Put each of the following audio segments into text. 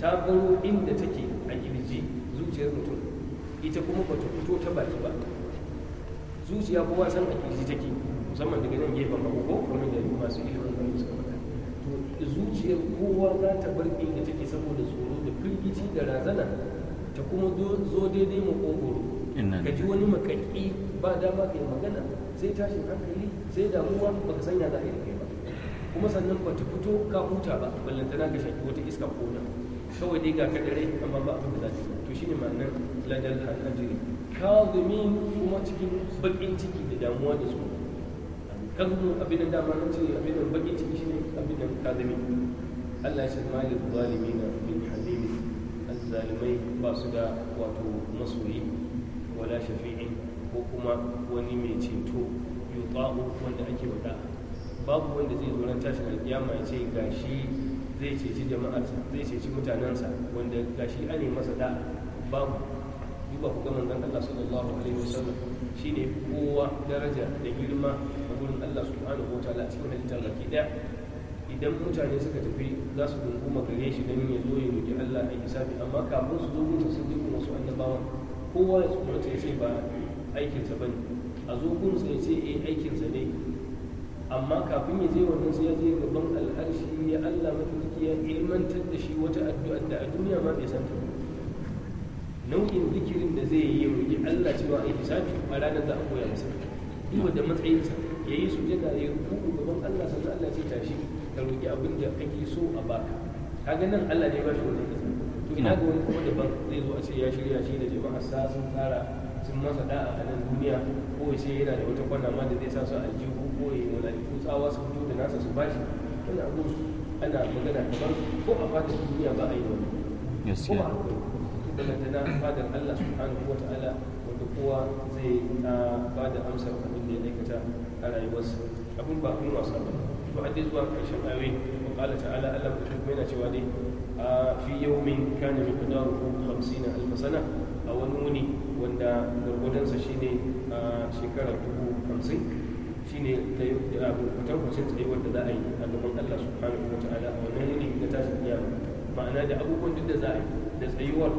ta gano inda take a kirji zuciyar mutum ita kuma ba ta fito ta baki ba zuciya kowa san a kirji take musamman daga nan gefen hagu ko kuma da masu ilimin wani suka faɗa to zuciyar kowa za ta bar inda take saboda tsoro da firgici da razana ta kuma zo daidai makogoro ka ji wani makaki ba dama kai magana sai tashin hankali sai damuwa ka sanya za a yi kai ba kuma sannan ba ta fito ka huta ba ballantana ka shaki wata iska ko na kawai dai ga kadare amma ba abin da za to shine ma'anar ladal hanajiri kazimin kuma cikin bakin ciki da damuwa da su kazmu abin da dama na ce abin da bakin ciki shine abin da kazimin Allah ya shirma lil zalimina min halim zalimai ba su da wato masoyi wala shafi'in ko kuma wani mai ceto yuta'u wanda ake wada babu wanda zai zo ran tashin alkiyama ya ce gashi zai ceci jama'arsa zai ceci mutanensa wanda gashi ane masa da babu duba ku ga manzon Allah sallallahu alaihi wasallam shine kowa daraja da girma a gurin Allah subhanahu wataala cikin halittar baki daya idan mutane suka tafi za su dunguma gare shi don ya zo ya roki Allah a hisabi amma kafin su zo mutum sun dukkan wasu annabawa kowa ya ta ya ce ba aikinsa bane a zo gurin sai ya ce eh aikinsa ne amma kafin ya je wannan sai ya je gaban al'arshi ya Allah madaukaki ya ilmantar da shi wata addu'a da a duniya ma bai san ta ba nau'in zikirin da zai yi ya Allah cewa a yi hisabi a ranar za a koya masa duk da matsayinsa ya yi su jada ya rubu gaban Allah sannan Allah ce tashi ka roƙi abin da kake so a baka kaga nan Allah ne ba shi wannan kasa to ina ga wani kuma daban zai zo a ce ya shirya shi da jama'a sa sun tsara sun masa da'a a nan duniya ko sai yana da wata kwana ma da zai sa su aljihu koye mala'iku tsawa su fito da nasa su bashi ana gudu ana magana kamar ko a fadar duniya ba a yi wani ko ba a na fadar Allah subhanahu wa ta'ala wanda kowa zai ba da amsar abin da ya aikata a rayuwarsa abin ba kun wasa ba to hadis zuwa karshen ayoyi wa qala ta'ala Allah ta kuma yana cewa dai fi yawmin kana miqdaruhu 50 alf sana a wani wuni wanda gargudansa shine shekara hamsin. shine ta kwatankwacin tsaye wanda za a yi a gaban Allah subhanahu wa ta'ala a wannan yanayi na tashin kiyama ma'ana da abubuwan duk da za a yi da tsayuwar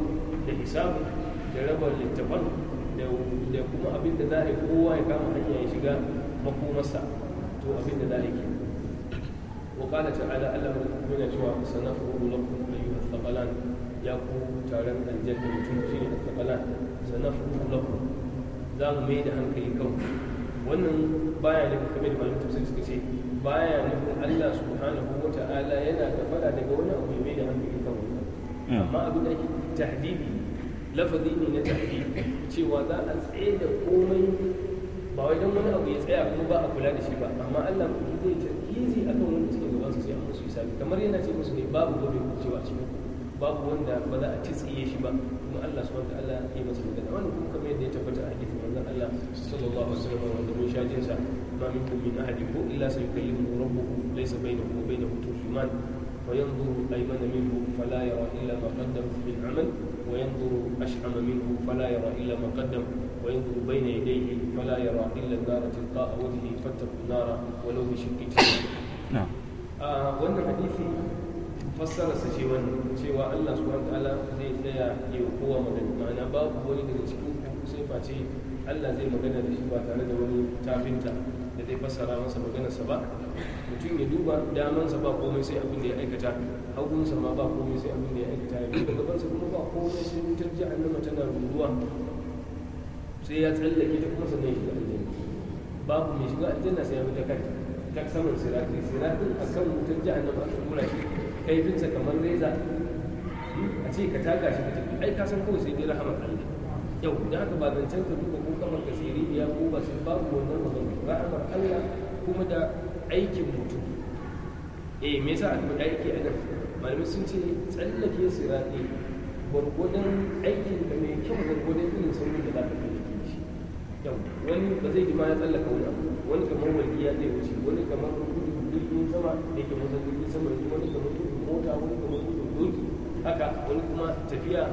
da hisabu da raba littafan da kuma abin da za a yi kowa ya kama hanya ya shiga makomarsa to abin da za a yi wa kala ta'ala Allah kuma yana cewa sanafuru lakum ayyuhal thaqalan ya ku taron aljanna mutum shine thaqalan sanafuru lakum za mu mai da hankali kanku wannan baya nufin kamar da malamin tafsir suka ce baya nufin Allah subhanahu wa ta'ala yana kafara daga wani abu mai da hankali kan wannan amma abin da ake tahdidi lafazi ne na tahdidi cewa za a tsaye da komai ba wai dan wani abu ya tsaya kuma ba a kula da shi ba amma Allah mutum zai a kan wanda suke gaban su sai an musu hisabi kamar yana ce musu ne babu gobe cewa a cikin babu wanda ba za a titsiye shi ba kuma Allah subhanahu wa ta'ala ya masa magana wannan kuma kamar yadda ya tabbata a hadisi manzon Allah sallallahu alaihi wasallam wanda mun shajin sa ma minkum min ahadin bu illa sayukallimu rabbuhu laysa bainahu wa bainahu turjuman fassara su ce wannan cewa Allah subhanahu wa ta'ala zai tsaya ya kowa magana ba babu wani daga cikin sai face Allah zai magana da shi ba tare da wani tafinta da zai fassara masa maganarsa ba mutum ya duba damansa ba komai sai abin da ya aikata hagunsa ma ba komai sai abin da ya aikata ya duba gabansa kuma ba komai sai wutar annama tana ruruwa sai ya tsallake ta kuma sannan shiga aljanna babu mai shiga aljanna sai ya bi ta kai ta saman sirati siratin akan wutar annama aka kura shi kaifinsa kamar reza hmm? a ce ka taka shi ka tafi ai ka san kawai sai dai rahama Allah yau da haka ba zancen ka duk rahmar kasiri ya ko ba sai wannan magana rahmar Allah kuma da aikin mutum eh me yasa aka da aiki a nan malamai sun ce tsallake sirati gwargwadon aikin da mai kyau gwargwadon irin sauri da za ka kai cikin shi yau wani ba zai ji ma ya tsallaka wani abu wani kamar walƙiya zai wuce wani kamar kudin jirgin sama da yake motsa jirgin sama wani kamar kudin mota wani kamar kudin doki haka wani kuma tafiya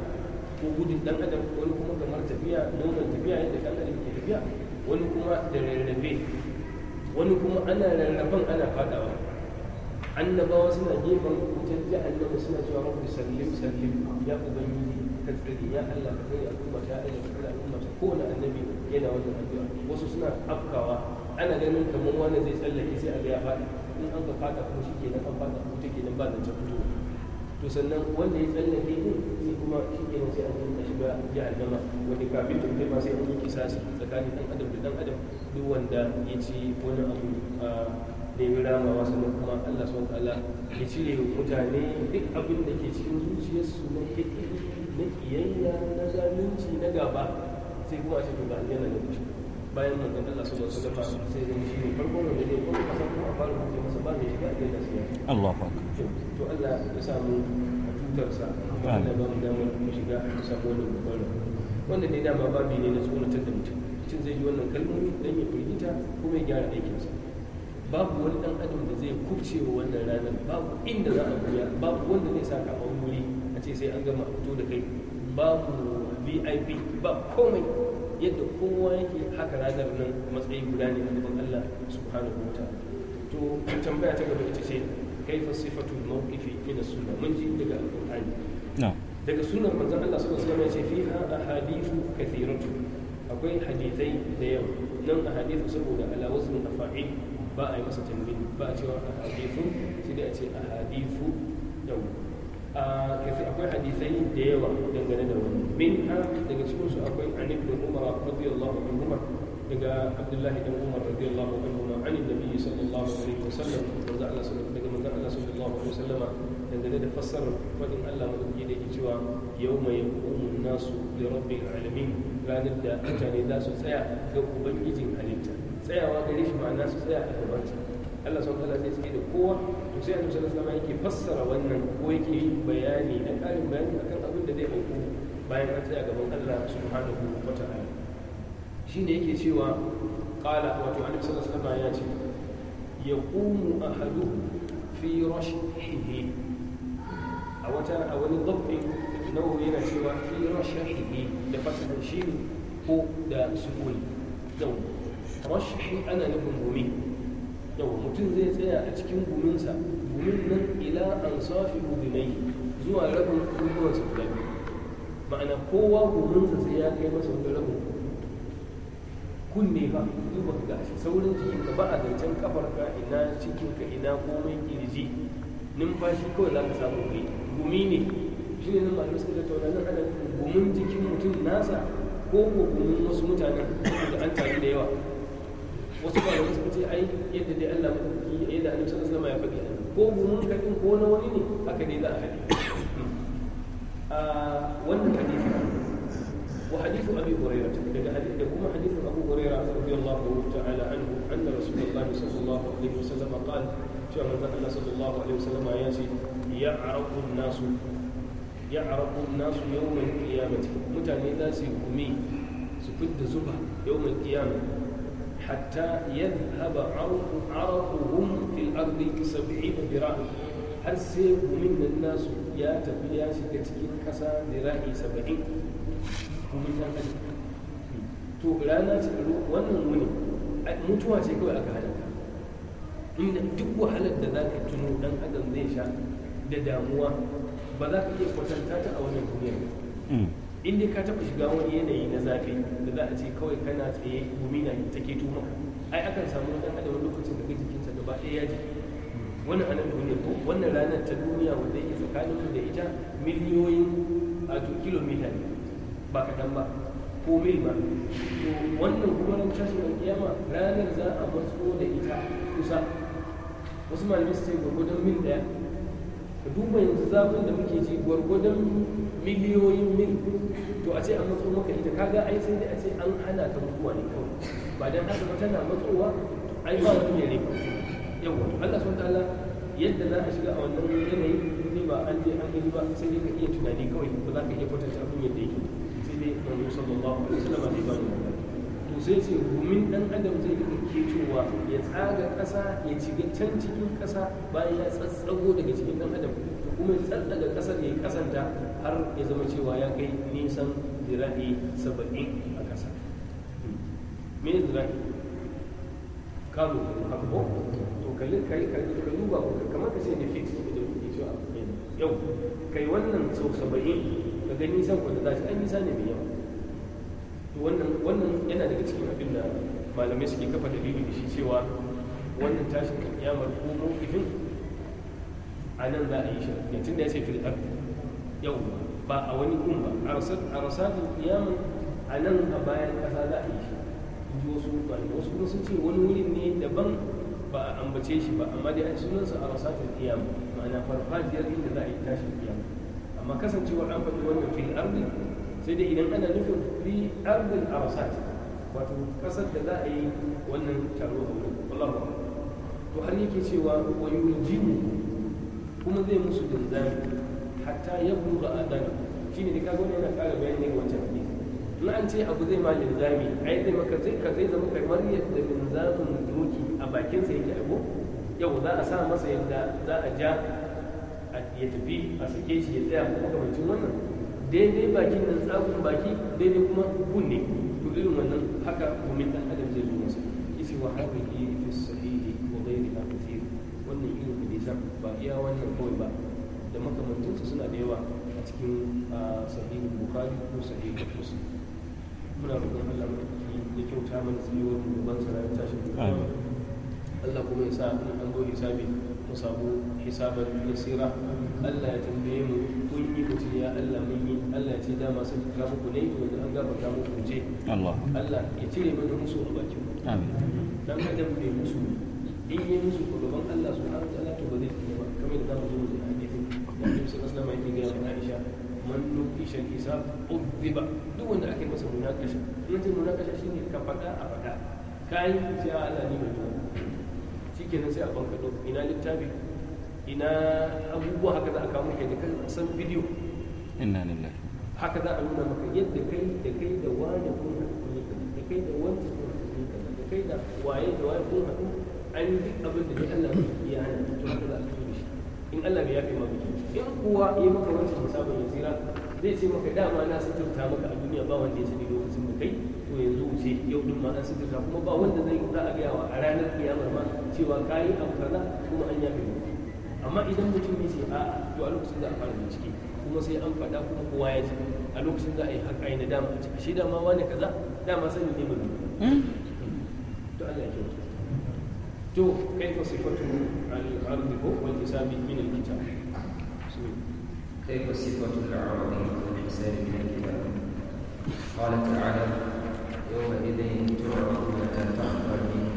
ko gudun dan adam wani kuma kamar tafiya noman tafiya yadda dan adam ke tafiya wani kuma da rarrabe wani kuma ana rarraban ana fadawa annabawa suna gefen wutar jahannama suna cewa rabbi sallim sallim ya ubangiji ka tsare ya Allah ka tsare al'umma ta ya Allah ka al'umma ta kowane annabi yana wannan addu'a wasu suna afkawa ana ganin kamar wani zai tsallake sai a ga ya faɗi in an ka fata kuma shi kenan an fata kuma take nan ba zance fitowa sannan wanda ya tsallake ne sai kuma shi ke sai an yanka shi ba ya aljama wanda kafin tun ma sai an yi kisasi tsakanin dan adam da dan adam duk wanda ya ci wani abu da ya rama wasu nan kuma Allah subhanahu ta'ala ya cire mutane duk abin da ke cikin zuciyarsu na kike na kiyayya na zalunci na gaba sai kuma a ce ba yana da ku bayan manzon Allah sallallahu alaihi wasallam sai zai shi ne farko da zai kuma kasan kuma a fara mutum masa ba mai shiga aljanna sai Allah akbar to Allah ya samu a tutarsa kuma Allah ba mu damar mu shiga mu samu wannan babban ne dama babi ne na tsoratar da mutum mutum zai yi wannan kalmomi dan ya firgita kuma ya gyara aikinsa babu wani dan adam da zai kubce wa wannan ranar babu inda za a buya babu wanda zai saka a wuri a ce sai an gama fito da kai babu vip ba komai yadda kowa yake haka ranar nan matsayi guda ne a gaban Allah subhanahu wa ta'ala to tambaya ta gaba ita ce kaifa sifatu موقفي من السنه من جد القران نعم لكن السنة من زمان الله صلى الله عليه وسلم فيها أحاديث كثيرة أقول حديثي ديو نم أحاديث سبولة على وزن أفاعيل باء مسة من باء تيو أحاديث سيدأتي أحاديث دو آه، أقول حديثي ديو دنغن دو منها لكن سبولة أقول عن ابن عمر رضي الله عنهما لكن عبد الله بن عمر رضي الله عنهما عن النبي صلى الله عليه وسلم وزال الله صلى Allah sallallahu alaihi wasallama dangane da fassarar fadin Allah madauki da yake cewa yau mai yaqumun nasu da rabin alamin ranar da mutane za su tsaya ga ubangijin halitta tsayawa gare shi ma'ana su tsaya a gaban sa Allah sun alaihi wasallam sai da kowa to sai Annabi sallallahu alaihi yake fassara wannan ko yake yi bayani da karin bayani akan abin da zai auku bayan an tsaya gaban Allah subhanahu wa ta'ala shine yake cewa qala wato Annabi sallallahu alaihi wasallam ya ce yaqumu ahadukum fi rashihi a wata a wani dabbi nawo yana cewa fi rashihi da fasahin shi ko da sukuni yau rashihi ana nufin gumi yau mutum zai tsaya a cikin guminsa gumin nan ila an safi gudunai zuwa rabin kunnuwansa guda biyu ma'ana kowa guminsa sai ya kai masa wani rabin kunne ka duba ga shi saurin jikin ka ba a zancen kafar ka ina cikin ka ina komai kirji numfashi kawai za ka samu kai gumi ne shi ne nan suka tauna nan ana gumin jikin mutum nasa ko ko gumin wasu mutanen da an taru da yawa wasu ba da kace ai yadda dai Allah yi yadda Annabi sallallahu alaihi wasallam ya faɗi ko gumin ka ko na wani ne haka dai za a haɗe hmm. a ah, wannan hadisi وحديث أبي هريرة لكم حديث أبو هريرة رضي الله تعالى عنه أن رسول الله صلى الله عليه وسلم قال شعر أن صلى الله عليه وسلم ياتي يعرف الناس يعرف الناس يوم القيامة متى الناس يقومي سكد زبه يوم القيامة حتى يذهب عرق عرقهم في الأرض سبعين ذراعا هل سيب من الناس يا تبيا شكتك كسا ذراعي سبعين to rana ce wannan wuni mutuwa ce kawai aka halaka inda duk wahalar da za ka tuno dan adam zai sha da damuwa ba za ka iya kwatanta ta a wannan ba. Mm. inda ka taɓa shiga wani yanayi na zafi da za a ce kawai kana tsaye gumi na take tuma ai akan samu dan adam lokacin da jikinsa gaba ɗaya ya ji wannan anan duniya ko wannan ranar ta duniya wanda yake tsakaninmu da ita miliyoyin a kilomita ne ba dan ba ko komai ba to wannan kuma nan da kiyama ranar za a matso da ita kusa wasu malamai su ce gwargwadon mil ɗaya ka duba yanzu zafin da muke ji gwargwadon miliyoyin mil to a ce an matso maka ita kaga ai sai dai a ce an hana ta mutuwa ne kawai ba dan haka ba tana matsowa ai ba wani ne yawa to Allah subhanahu ta'ala yadda za a shiga a wannan yanayi ne ba an je an gani ba sai dai ka iya tunani kawai ba za ka iya kwatanta abin yadda yake manzo sallallahu alaihi wasallam zai ba to sai ce gumin dan adam zai ke cewa ya tsaga kasa ya shiga can cikin kasa bayan ya tsatsago daga cikin dan adam to kuma ya tsatsaga ƙasar ya kasanta har ya zama cewa ya kai nisan zira'i saba'in a kasa. me zira'i kamu abu ko to kalli kai ka duba kamar ka ce ne fit da kuke cewa yau kai wannan sau saba'in ka gani san ku da za shi an nisa ne mai yawa wannan wannan yana daga cikin abin da malamai suke kafa dalili da shi cewa wannan tashin kiyamar ko mawqifin a nan za a yi shi ne tunda ya ce fil ard yau ba a wani kun ba arsatu kiyamar a nan a bayan kasa za a yi shi ji wasu kwanu wasu kuma sun ce wani wurin ne daban ba a ambace shi ba amma dai an sunansa arsatu kiyama ma'ana farfajiyar inda za a yi tashin kiyama amma kasancewar an faɗi wannan fil ardi sai dai idan ana nufin fi ardin arasat wato kasar da za a yi wannan taro a wurin wallahu to har yake cewa wa jini kuma zai musu dinzami hatta ya buga shi ne da kaga wani yana kara bayan yin wancan ne na an ce abu zai ma linzami a zai maka zai ka zai zama kamar yadda linzamin doki a bakinsa yake abu yau za a sa masa yadda za a ja ya tafi a sake shi ya tsaya kuma makamancin wannan daidai bakin nan tsakon baki daidai kuma kunne to irin wannan haka mumin dan adam zai zo masa isi wa haqiqi fi sahihi wa ma kathir wannan irin hadisa ba iya wannan kawai ba da su suna da yawa a cikin sahihin bukhari ko sahihin muslim muna roƙon Allah ya kyauta mana tsayuwar mu gaban sa ranar tashin Amin. Allah kuma ya sa mu an zo hisabi mu samu hisabar yasira Allah ya tambaye mu kun yi mutum ya Allah mun yi Allah ya ce dama sun ka muku ne to idan an muku je Allah Allah ya cire a bakin amin dan musu in yi musu ko gaban Allah to ba kamar zamu zo mu hadisin Annabi sallallahu alaihi wasallam ga Aisha man duk wanda ake masa munakasha in ce munakasha shine ka faɗa a faɗa kai sai ah, Allah ni mai shikenan sai a banka ina littafi ina abubuwa haka za a kawo kai da kan san bidiyo inna lillahi haka za a nuna maka yadda kai da kai da wani kun haɗu da kai da wancan kun haɗu da kai da waye da waye kun haɗu an yi abin da dai Allah ya hana to haka za a da shi in Allah bai yafe maka in kuwa ya maka wancan musabin ya tsira zai ce maka dama na suturta maka a duniya ba wanda ya sani lokacin da kai to yanzu wuce yau din ma an suturta kuma ba wanda zai za a gaya wa a ranar kiyamar ma cewa kayi abu kaza kuma an yafe maka amma idan mutum ya ce a'a to a lokacin da a fara bincike kuma sai an faɗa kuma kowa ya ji a lokacin za a yi haƙa na dama a ciki shi dama wani kaza dama sani ne mutum hmm? to Allah ya kyautu to kai ko sifatu al-ardi ko wal hisabi min al-kitab kai fa sifatu al-ardi wal hisabi min al-kitab qala ta'ala yawma idhin tu'rabu la tanfa'u min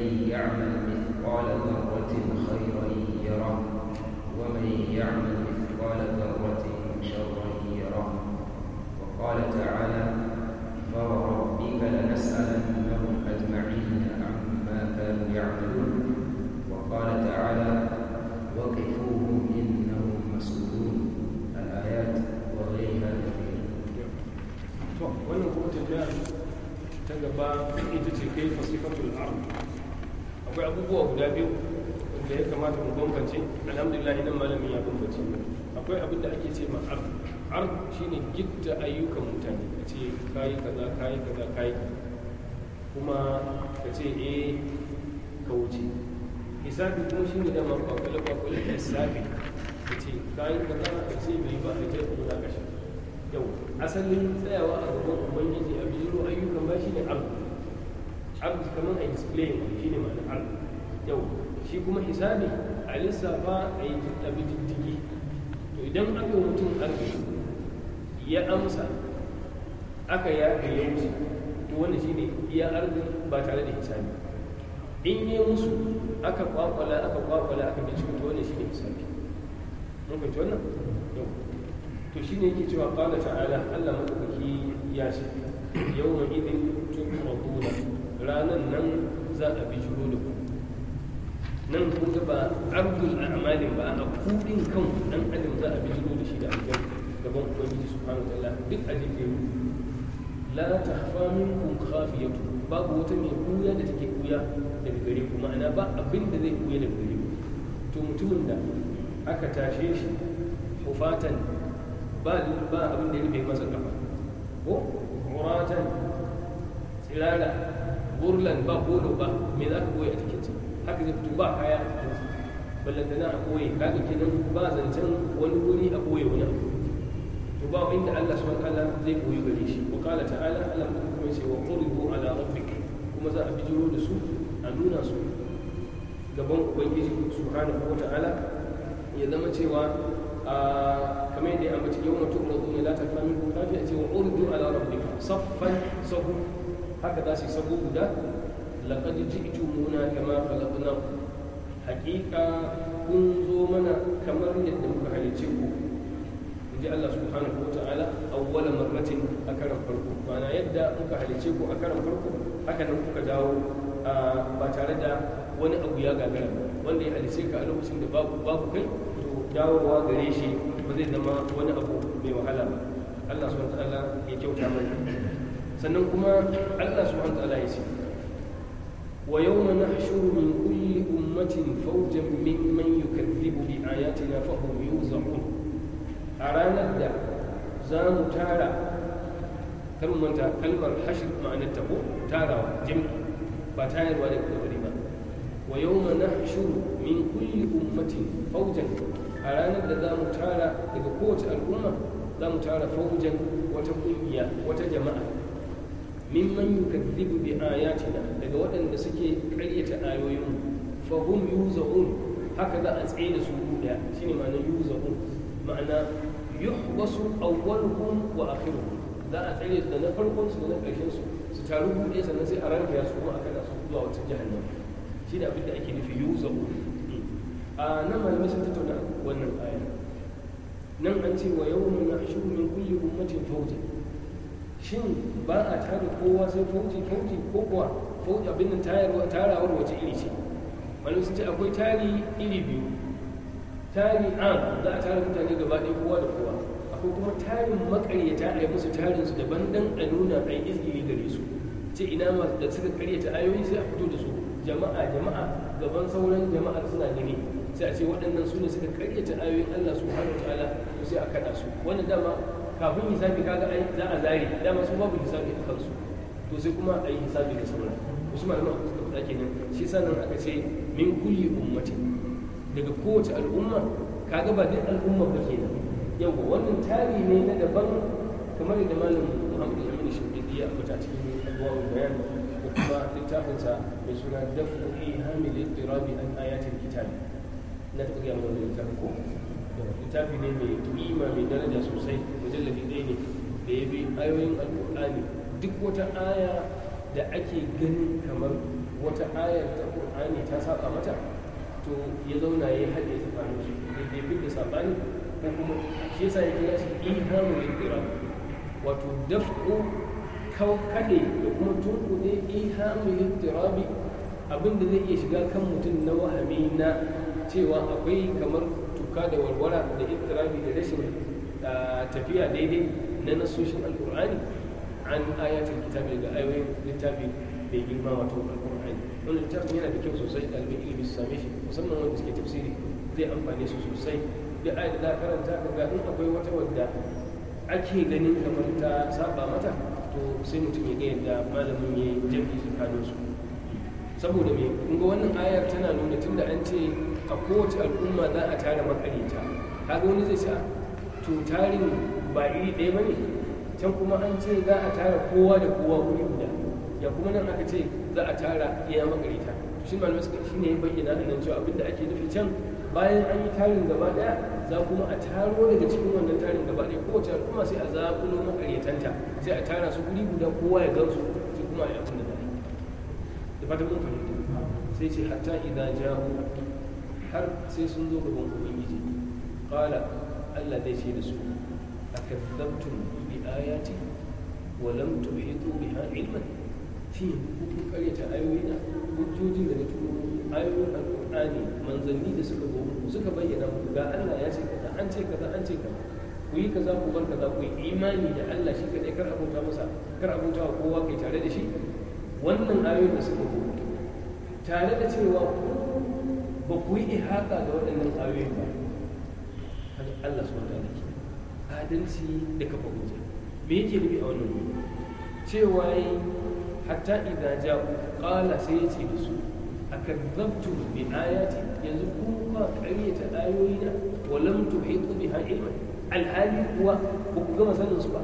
ومن يعمل مثقال ذرة خيرا يره ومن يعمل مثقال ذرة شرا يره وقال تعالى abubuwa guda biyu da ya kamata mu bambance alhamdulillah idan malamin ya bambance akwai abin da ake ce ma ar ar shine gitta ayyukan mutane a ce kayi kaza kayi kaza kayi kuma ka ce eh ka wuce hisabi kuma shine dama kwakwale kwakwale lissafi ka ce kayi kaza ka ce bai ba a ce kuma ka shi yau asalin tsayawa a gaban ubangiji a bijiro ayyukan ba shine ar ar kamar a explain shine ma'ana ar yau shi kuma hisabi a lissafa a yi abin diddigi to idan aka yi mutum arziki ya amsa aka yaga ya wuce to wani shi ne ya arzi ba tare da hisabi in yi musu aka kwakwala aka kwakwala aka bincika to wani shi ne hisabi mun fahimci wannan yau to shi ne yake cewa qala ta'ala Allah madaukaki ya ce yawma idin tuqaduna ranan nan za a bi bijiro da ku nan kuka ba abdul a'malin ba a kudin kan dan adam za a bijiro da shi da aljan gaban ubangiji subhanahu wa ta'ala duk a jefe la tahfa minkum khafiyatu babu wata mai kuya da take kuya daga gare ku ma'ana ba abin da zai kuya daga gare ku to mutumin da aka tashe shi hufatan ba ba abin da ya rufe masa kafa ko muratan tsirara burlan ba kolo ba me za ka koya a cikinsa haka zai fito ba kaya a jikinsa ballantana a koye kaga kenan ba zancen wani guri a koye wani abu to ba inda Allah subhanahu wa ta'ala zai koyi gare shi wa kala ta'ala Allah kuma yace wa qulu ala rabbika kuma za a bijiro da su a nuna su gaban ubangiji subhanahu wa ta'ala ya zama cewa kamar yadda yau bace yawma tu'radun la tafamu kafi a ce wa qulu ala rabbika saffan sahu haka za su yi sahu guda laqad ji'tumuna kama khalaqnakum haqiqa kun mana kamar yadda muka halice ku inji Allah subhanahu wa ta'ala awwala marratin a karan farko ma'ana yadda muka halice a karan farko haka nan kuka dawo ba tare da wani abu ya gagara wanda ya halice ka a lokacin da babu babu kai to dawowa gare shi ba zai zama wani abu mai wahala ba Allah sannan kuma Allah subhanahu ya ce ويوم نحشر من كل أمة فوجا ممن يكذب بآياتنا فهم يوزعون أرانا دا زام تارا كم من كلمة الحشر معنى التبو تارا جمع بتاير ولا كبريما ويوم نحشر من كل أمة فوجا أرانا دا زام تارا إذا قوت الأمة زام تارا فوجا وتقنيا وتجمعا mimman yukazzibu bi ayatina daga waɗanda suke ƙaryata ayoyinmu fa hum yuzaun haka za a tsaye da su guda shine ma'ana yuzaun ma'ana yuhbasu awwaluhum wa akhiruhum za a tsaye da na farkon su da na ƙarshen su su taru buɗe sannan sai a ranka ya su kuma aka su zuwa wata jahannam shine abin da ake nufi yuzaun a nan malamai sun tattauna wannan aya nan an ce wa yawma nahshuru min kulli ummatin fawjan shin ba a tara kowa sai fauci fauci ko kuwa fauci abin nan tarawar wace iri ce malam sun ce akwai tari iri biyu tari an za a tara mutane gaba ɗaya kowa da kowa akwai kuma tarin makaryata a yi musu tarin su daban dan a nuna a yi izgiri gare su ce ina masu da suka karyata ayoyi sai a fito da su jama'a jama'a gaban sauran jama'a suna gani sai a ce waɗannan su ne suka karyata ayoyin Allah subhanahu wa ta'ala sai a kada su wannan dama kafin hisabi kaga ai za a zare dama su babu hisabi a kansu to sai kuma a yi hisabi da sauran wasu malaman aka suka faɗa kenan shi sanan aka ce min kulli ummati daga kowace al'umma kaga ba duk al'umma ba ke Yau ba wannan tari ne na daban kamar da malam Muhammad Amin Shindidi ya ambata cikin Allahu Bayan da kuma littafinsa mai suna Dafu Hamil Ittirabi an ayatul kitabi na tafiya wannan littafin ko littafi ne mai kima mai daraja sosai mujallabi ɗaya ne da ya bi ayoyin alƙur'ani duk wata aya da ake ganin kamar wata aya ta ƙur'ani ta saba mata to ya zauna ya haɗe tsakanin su da ya da saɓani ko kuma shi yasa ya kira shi ihamu lil wato daf'u kau kade da kuma tunkuɗe ihamu lil abinda zai iya shiga kan mutum na wahami na cewa akwai kamar tufka da walwala da iftirabi da rashin ah, tafiya daidai na nasoshin alkur'ani an ayatul kitabi da ayoyin littafi da girma wato alkur'ani wani littafin yana da kyau sosai ɗalibin ilimi su same shi musamman wanda suke tafsiri zai amfane su sosai da ayat da karanta ka ga in akwai wata wadda ake ganin kamar ta saba mata to sai mutum ya ga yadda malamin ya yi jami'i tsakanin su saboda me kun ga wannan ayar tana nuna tunda an ce a kowace al'umma za a tara makarita kaga wani zai sa to tarin ba iri ɗaya ba ne can kuma an ce za a tara kowa da kowa wuri guda ya kuma nan aka ce za a tara iya makarita to shi malamai suka shi ne bayyana da nan cewa abinda ake nufi can bayan an yi tarin gaba ɗaya za kuma a taro daga cikin wannan tarin gaba ɗaya kowace al'umma sai a zaƙulo makaritanta sai a tara su guri guda kowa ya gansu sai kuma a yi abin da a yi da fatan mun fahimta sai ce hatta idan ja'u har sai sun zo gaban ubangiji kala Allah zai ce da su akazzabtum bi ayati wa lam tuhitu biha ilman fi kun karyata ayoyina hujjojin da na ayoyin alqur'ani manzanni da suka zo suka bayyana muku ga Allah ya ce kaza an ce kaza an ce kaza ku yi kaza ku bar kaza ku yi imani da Allah shi kadai kar abota masa kar wa kowa kai tare da shi wannan ayoyin da suka zo tare da cewa ku ba ku yi ihata da waɗannan ayoyin ba haka Allah su wata da ke adalci da kafa hujja me yake nufi a wannan wuri cewa yi hatta idan ja ƙala sai ya ce da su akazzabtu bi ayati yanzu kuma ba ƙaryata ayoyina wa lam tuhitu biha ilman alhali kuwa ba ku gama sanin su ba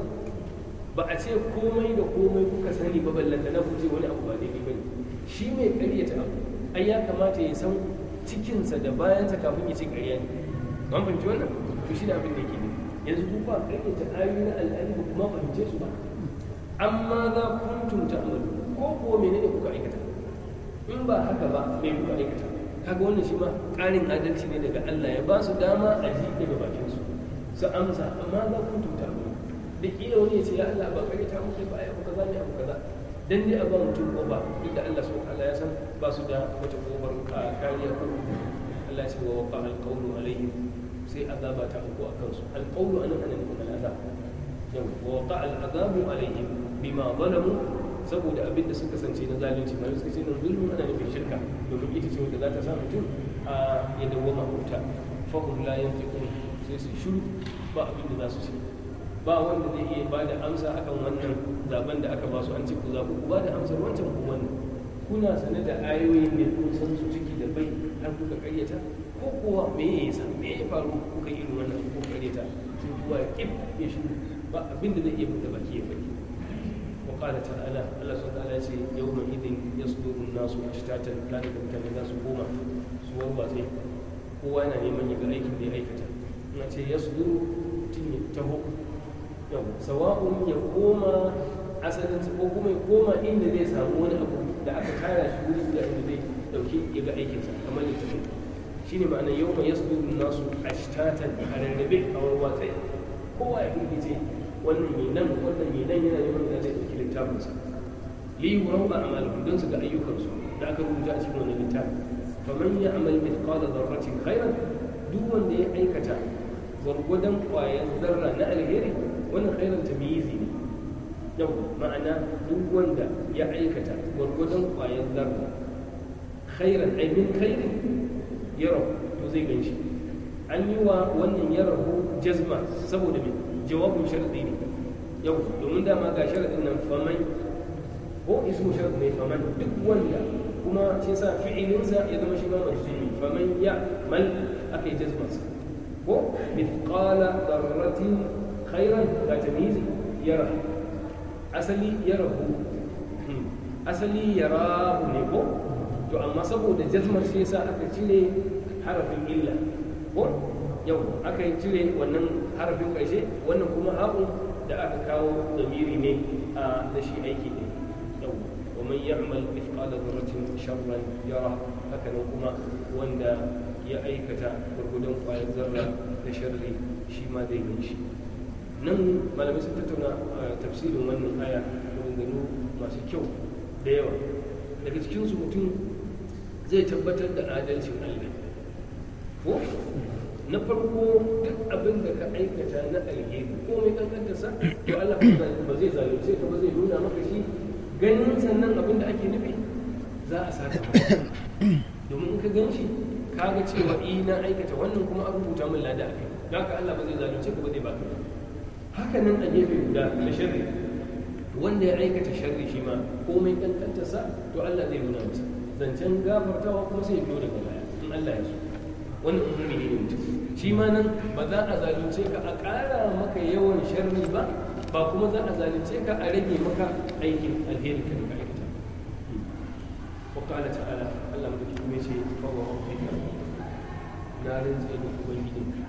ba a ce komai da komai kuka sani ba ballanta na ku wani abu ba daidai ba ne shi mai ƙaryata abu ai ya kamata ya san cikinsa da bayansa kafin ya ce karya ne ban fahimci wannan to shi da abin da yake yanzu ku ba ƙaryata ayoyi na al'adu ba kuma fahimce su ba amma za kuntum amalu ko ko menene kuka aikata in ba haka ba me kuka aikata kaga wannan shi ma ƙarin adalci ne daga Allah ya ba su dama a ji daga bakin su su amsa amma za kuntum amalu da kila wani ya ce ya Allah ba ƙaryata muke ba ya abu kaza ne abu kaza dan ne a ba mutum kofa duk da Allah subhanahu Allah ya san ba su da wata kofar kariya ko Allah ya ce wa waqa alqawlu alaihim sai azaba ta uku akan su alqawlu anan anan kuma al'azab yau wa waka al'azabu alaihim bima zalamu saboda abin da suka sance na zalunci mai suka ce nan zulmun ana nufin shirka domin ita ce wanda za ta sa mutum a ya dawo huta fa hum kuma, sai su shiru ba abin da za su ce ba wanda zai iya ba da amsa akan wannan zaben da aka ba su an cikin ku ku ba da amsar wancan ku wannan kuna sane da ayoyin ne kun san su ciki da bai har kuka karyata ko kuwa me ya yasa me ya faru kuka yi irin wannan ko karyata sai kuwa ya kif ya shi ba abin da zai iya buɗe baki ya faɗi wa qala ta'ala Allah subhanahu wa ta'ala ce yawma idin yasdurun nasu ashtatan da mutane za su koma su zai kowa yana neman ya ga aikin da ya aikata na ce yasduru tun ya taho yau sawa'un ya koma asalin ko kuma ya koma inda zai samu wani abu da aka tara shi wuri da inda zai dauki ya ga aikinsa kamar ya tafi shi ne ma'anar yau mai yasu nasu ashtatan a rarrabe a warwatsa kowa ya birgice wannan mai nan wannan mai nan yana neman da zai dauki littafinsa li yurau a amalin don su ga ayyukansu da aka rubuta a cikin wannan littafin faman ya amal mithqala dharratin khairan duk wanda ya aikata gwargwadon ƙwayar zarra na alheri wannan khairan tamyizi ne yau ma'ana duk wanda ya aikata gwargwadon ƙwayar zarra khairan ai min khairin ya to zai gan shi an yi wa wannan ya rahu jazma saboda mai jawabin sharadi ne yau domin dama ga sharadin nan faman ko ismu sharadi ne faman duk wanda kuma shi sa fi'ilinsa ya zama shi ba majzumi faman ya mal aka yi jazmansa ko mithqala darratin khairan ga asali ya hmm. asali yara ne ko to amma saboda jazmar shi aka cire harafin illa ko yau aka cire wannan harafin ƙashe wannan kuma haɓu da aka kawo damiri ne a da shi aiki ne yau kuma ya'mal mithqala dharratin sharran yara haka kuma wanda ya aikata gurgudan kwayar zarra da sharri shi ma zai yi shi nan malamai sun tattauna a tafsirin wannan aya maganganu masu kyau da yawa daga cikinsu mutum zai tabbatar da adalcin allah ko na farko duk abin da ka aikata na alheri ko mai kankantarsa to allah ba zai zalunce ka ba zai nuna maka shi ganin sannan abin da ake nufi za a saka domin ka gan shi ka ga cewa ina eh, aikata wannan kuma an rubuta min lada a kai don haka allah ba zai zalunce ka ba zai ba. haka nan a gefe guda na sharri wanda ya aikata sharri shi ma komai kankantarsa to Allah zai nuna masa zancen gafartawa kuma sai biyo daga baya in Allah ya so wannan mummuni ne mutum shi ma nan ba za a zalunce ka a ƙara maka yawan sharri ba ba kuma za a zalunce ka a rage maka aikin alheri ka da aikata wa qala ta'ala Allah mutum ya ce fa wa rabbika na rinzi da ubangijinka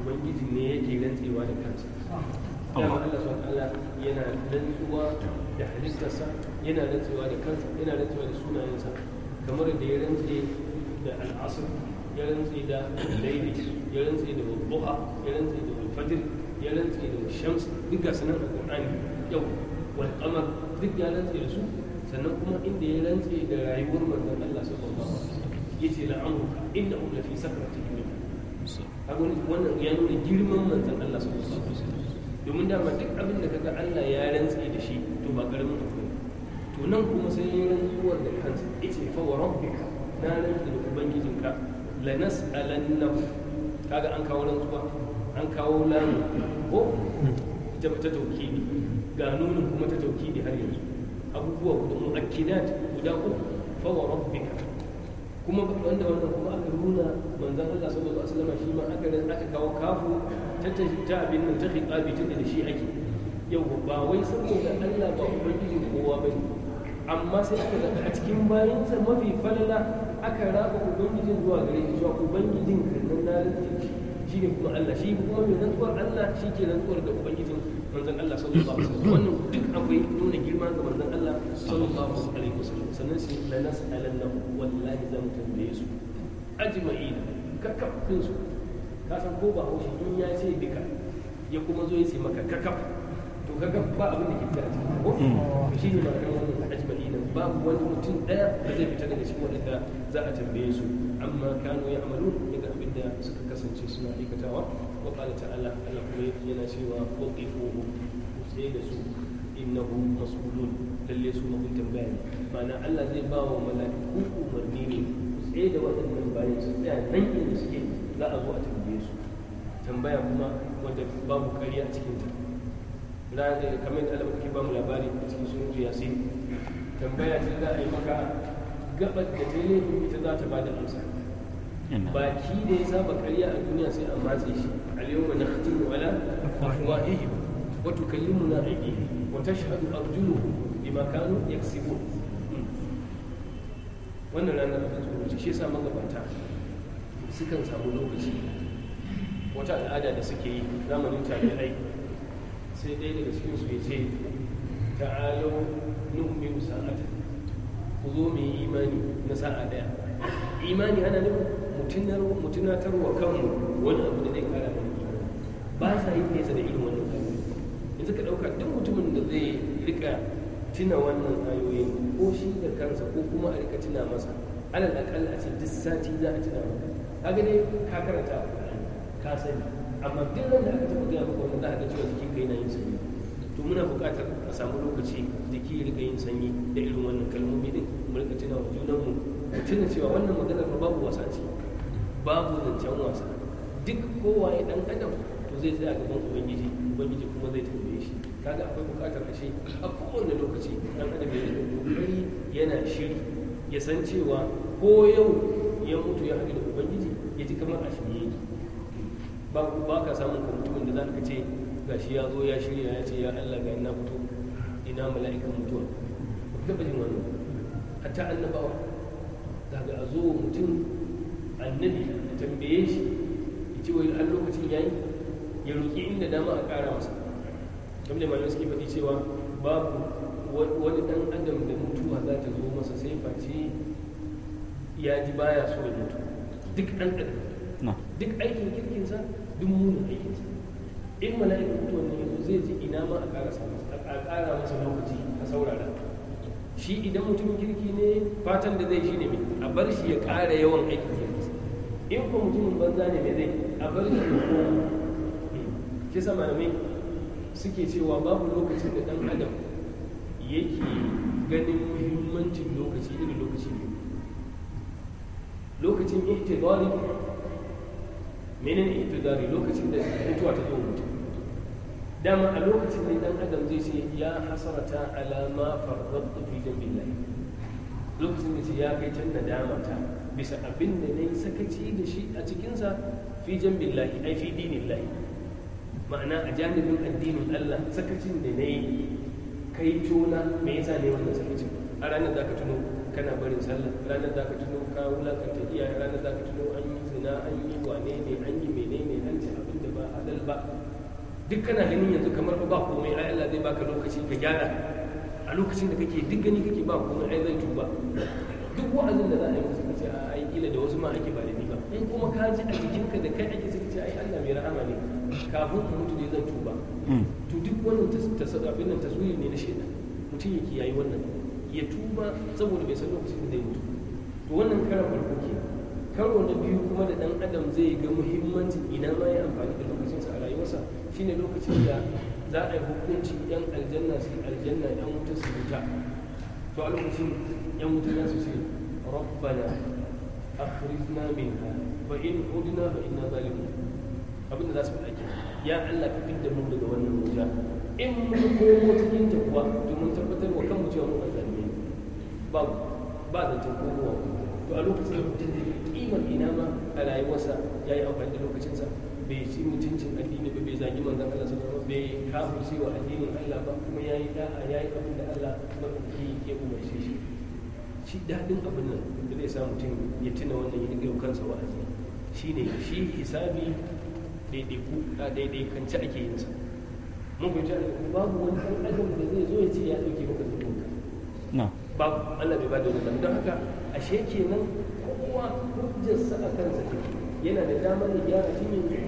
ubangiji ne yake rantsewa da kansa dama Allah sun Allah yana rantsuwa da halittarsa yana rantsuwa da kansa yana rantsuwa da sunayensa kamar da ya rantse da al'asr ya rantse da laili ya rantse da duha ya rantse da fajr ya rantse da shams duk ga sanan a qur'ani yau wal qamar duk ya rantse da su sannan kuma inda ya rantse da rayuwar manzon Allah sallallahu alaihi wasallam yace la'amuka innahum lafi sakratihim wannan ya nuna girman manzan Allah su kusa domin dama duk abin da kaga Allah ya rantsi da shi to ba karamin abu ne to nan kuma sai ya rantsuwar da kansa ita fa wa rabbika na rantsa da ubangijinka lanas'alannahu kaga an kawo rantsuwa an kawo lamu ko ita ta tauhidi ga nunin kuma ta tauhidi har yanzu abubuwa guda mu'akkidat guda uku fa wa rabbika kuma wanda wannan kuma aka nuna manzan Allah sallallahu alaihi asalama shi ma aka aka kawo kafu ta ta abin nan ta hiqabi tun da shi ake yau ba wai saboda Allah ba ubangiji kowa bane amma sai aka zaɓi a cikin bayansa mafi falala aka raba ubangijin zuwa gare shi cewa ubangijin kan na rufe shi ne kuma Allah shi kuma mai Allah shi ke rantsuwar da ubangijin manzon Allah sallallahu alaihi wasallam wannan duk akwai nuna girma ga manzan Allah sallallahu alaihi wasallam sannan sai la wallahi zan tambaye su su ka san ko ba haushi in ya ce duka ya kuma zo ya ce maka kakaf to kakaf ba abin da ke tsaya cikin ko shi ne wannan babu wani mutum daya da zai fita daga cikin wanda za a tambaye su amma kano ya amalu daga da suka kasance suna aikatawa wa qala ta'ala Allah kuma yana cewa waqifuhu sai da su innahu mas'ulun lalle su mun tambaya ne ma'ana Allah zai ba wa mala'iku umarni ne sai da waɗannan bayan su tsaya nan inda suke za a zo a tambaye su tambaya kuma wanda babu ƙarya a cikin ta ranar kamar da Allah kake ba mu labari a cikin sunan yasin tambaya ce za a yi maka gabar da ta laifin ita za ta ba da amsa baki da ya saba karya a duniya sai a matse shi al-yawma nakhtimu ala afwahihim wa tukallimuna aydihim wa tashhadu arjuluhum bima kanu yaksibun wannan ranar da ta zo shi yasa magabata sukan samu lokaci wata al'ada da suke yi zamanin tabi'ai sai ɗaya daga cikin su ya ce ta'alau nu'minu sa'atan ku zo mu yi imani na sa'a daya imani ana nufin mutunatarwa kanmu wani abu da zai kara mana imani ba sa yin nesa da irin wannan kalmomi yanzu ka ɗauka duk mutumin da zai rika tuna wannan ayoyin ko shi da kansa ko kuma a rika tuna masa alal akalla a ce duk sati za a tuna maka ka gane ka karanta ka sani amma duk wanda aka taɓa gaya maka wannan za a ga cewa jikin kai na yin sanyi to muna buƙatar a samu lokaci jiki ya rika yin sanyi da irin wannan kalmomi din mu rika tuna wa junanmu da cewa wannan magana babu wasa ce babu zancen wasa duk kowaye dan adam to zai a gaban ubangiji ubangiji kuma zai tambaye shi kaga akwai bukatar ce a kowane lokaci dan adam ya rika kokari yana shiri ya san cewa ko yau ya mutu ya haɗu da ubangiji ya ji kamar a shirye yake ba ka samun mutumin da za ka ce gashi ya zo ya shirya ya ce ya Allah ga ina fito ina mala'ikan mutuwa ba taɓa jin wannan hatta annabawa kaga a zo mutum annabi da tambaye shi ya ce wani an lokacin yayi ya roƙi inda dama a ƙara masa kamar da malamai suke faɗi cewa babu wani ɗan adam da mutuwa za ta zo masa sai face ya ji baya so da mutu duk ɗan adam duk aikin kirkinsa duk munin aikinsa in mala'ikar mutuwa ne yanzu zai ji ina ma a ƙara masa lokaci a saurara shi idan mutumin kirki ne fatan da zai shi ne mai a bar shi ya ƙara yawan aikin kirki in ko mutumin banza ne mai zai a bar shi ya koma shi sama mai suke cewa babu lokacin da ɗan adam yake ganin muhimmancin lokaci irin lokaci ne lokacin ihtidari menene ihtidari lokacin da mutuwa ta zo mutum dama a lokacin ne dan adam zai ce ya hasarata alama ma da fi jambillahi lokacin da ce ya kai can na dama ta bisa abin da na yi sakaci da shi a cikin sa fi jambillahi ai fi dinillahi ma'ana a janibin addinin Allah sakacin da na yi kai tona me yasa ne wannan sakacin a ranar da ka tuno kana barin sallah ranar da ka tuno ka wulakanta iyaye ranar da ka tuno an yi zina an yi wane ne an yi menene an ci abin da ba halal ba duk kana ganin yanzu kamar ba komai ai Allah zai baka lokaci ka gyara a lokacin da kake duk gani kake ba komai ai zai tuba duk wa'azin da za a yi musu kace ai kila da wasu ma ake ba da ni ba in kuma ka ji a jikinka da kai ake sai ai Allah mai rahama ne kafin ka mutu dai zan tuba hmm. to duk wannan tasawwabin nan taswiri ne na shedan mutum yake yayi wannan ya tuba saboda bai san lokacin da zai mutu to wannan karan farko ke karo na biyu kuma da dan adam zai ga muhimmancin ina ma ya amfani da lokacinsa a rayuwarsa shine lokacin da za a yi hukunci yan aljanna su aljanna yan wuta su wuta to a lokacin yan wuta za su ce rabbana akhrijna minha fa in udna fa inna zalimun abinda za su faɗa ke ya Allah ka fitar mu daga wannan wuta in mun komo cikin ta kuwa to mun tabbatar wa kanmu cewa mun azalimi ba ba da ta to a lokacin da kimar ina ma a rayuwarsa ya yi amfani da lokacinsa bai ci mutuncin addini ba bai zagi manzan Allah sallallahu alaihi wasallam bai kafirce wa addinin Allah ba kuma yayi da'a yayi abin da Allah mafi ya umarce shi shi daɗin abin nan da zai sa mutum ya tuna wannan ya dinga kansa wa'azi shine shi hisabi daidai ku daidai ci ake yin sa mun ku. babu wani ɗan adam da zai zo ya ce ya ɗauke maka na. babu Allah bai bada wannan don haka ashe kenan kowa sa a kansa yana da damar ya gyara shi ne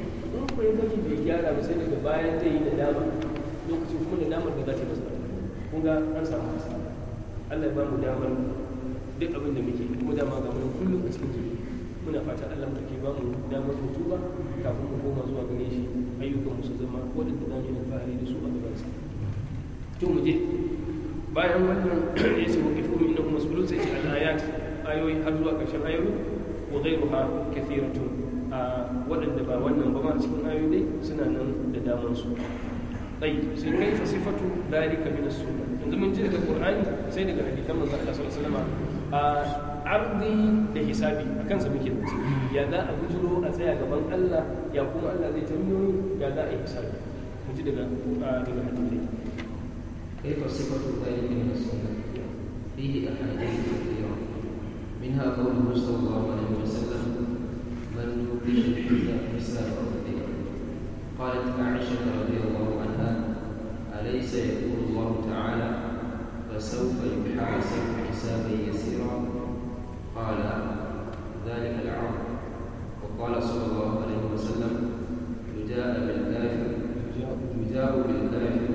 kuma ya kauce bai gyara ba sai daga bayan ta yi da dama lokacin kuma da damar da za ta masa kun ga an samu kasa Allah ya ba mu damar duk abin da muke kuma dama ga mu kullum a cikin jiri muna fata Allah mu ke ba mu damar tuba kafin mu koma zuwa gare shi ayyukan mu su zama waɗanda za mu yi alfahari da su a sa to mu je bayan wannan ya ce wa kifu min nahum mas'ulun sai ce al ayoyi har zuwa ƙarshen ayoyi wa ghayruha kathiratun a waɗanda ba wannan ba ma cikin ayoyi suna nan da daman su طيب sai kai fa sifatu dalika min as-sunna yanzu mun ji daga qur'ani sai daga hadisan manzo Allah sallallahu alaihi wasallam a ardi da hisabi akan sa muke dace ya za a bujuro a tsaya gaban Allah ya kuma Allah zai tanyo ya za a yi hisabi mun ji daga daga hadisi كيف صفة ذلك من السنة؟ فيه أحاديث كثيرة منها قوله صلى الله عليه وسلم من يريد الحساب الدين قالت عائشة رضي الله عنها أليس يقول الله تعالى فسوف يحاسب حسابا يسيرا قال ذلك العرض وقال صلى الله عليه وسلم يجاء بالكافر يجاء بالكافر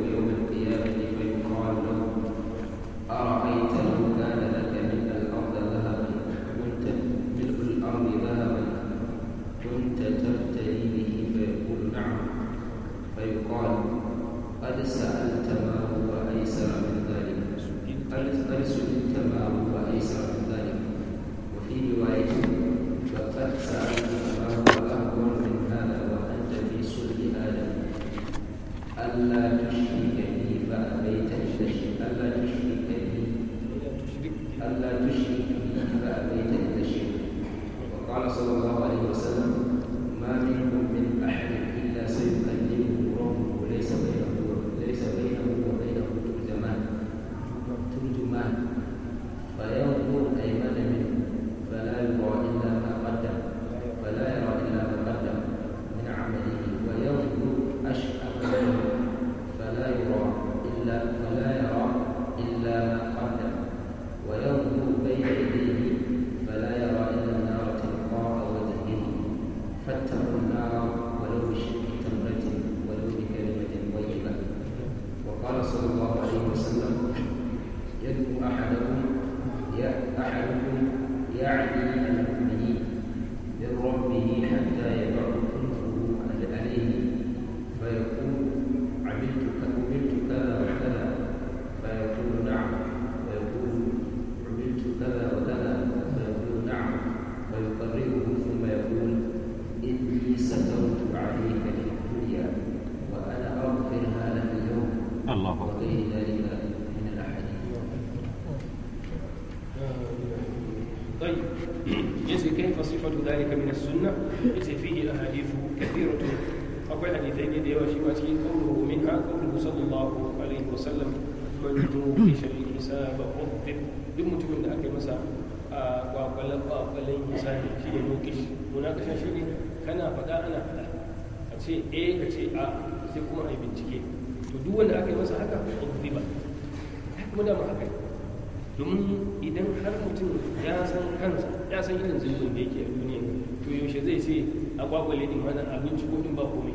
sifatu zalika min sunna yace fihi ahadithu kathiratun akwai hadithai ne da yawa shi ma duk mutumin da aka masa shi ne lokaci munakasha ne kana faɗa ana faɗa a ce eh ka ce a sai kuma a yi bincike to duk wanda aka yi masa haka kuma da mu haka domin idan har mutum ya san kansa ya san irin zulmin da yake a duniya to yaushe zai ce a kwakwale din wannan abinci ko din ba komai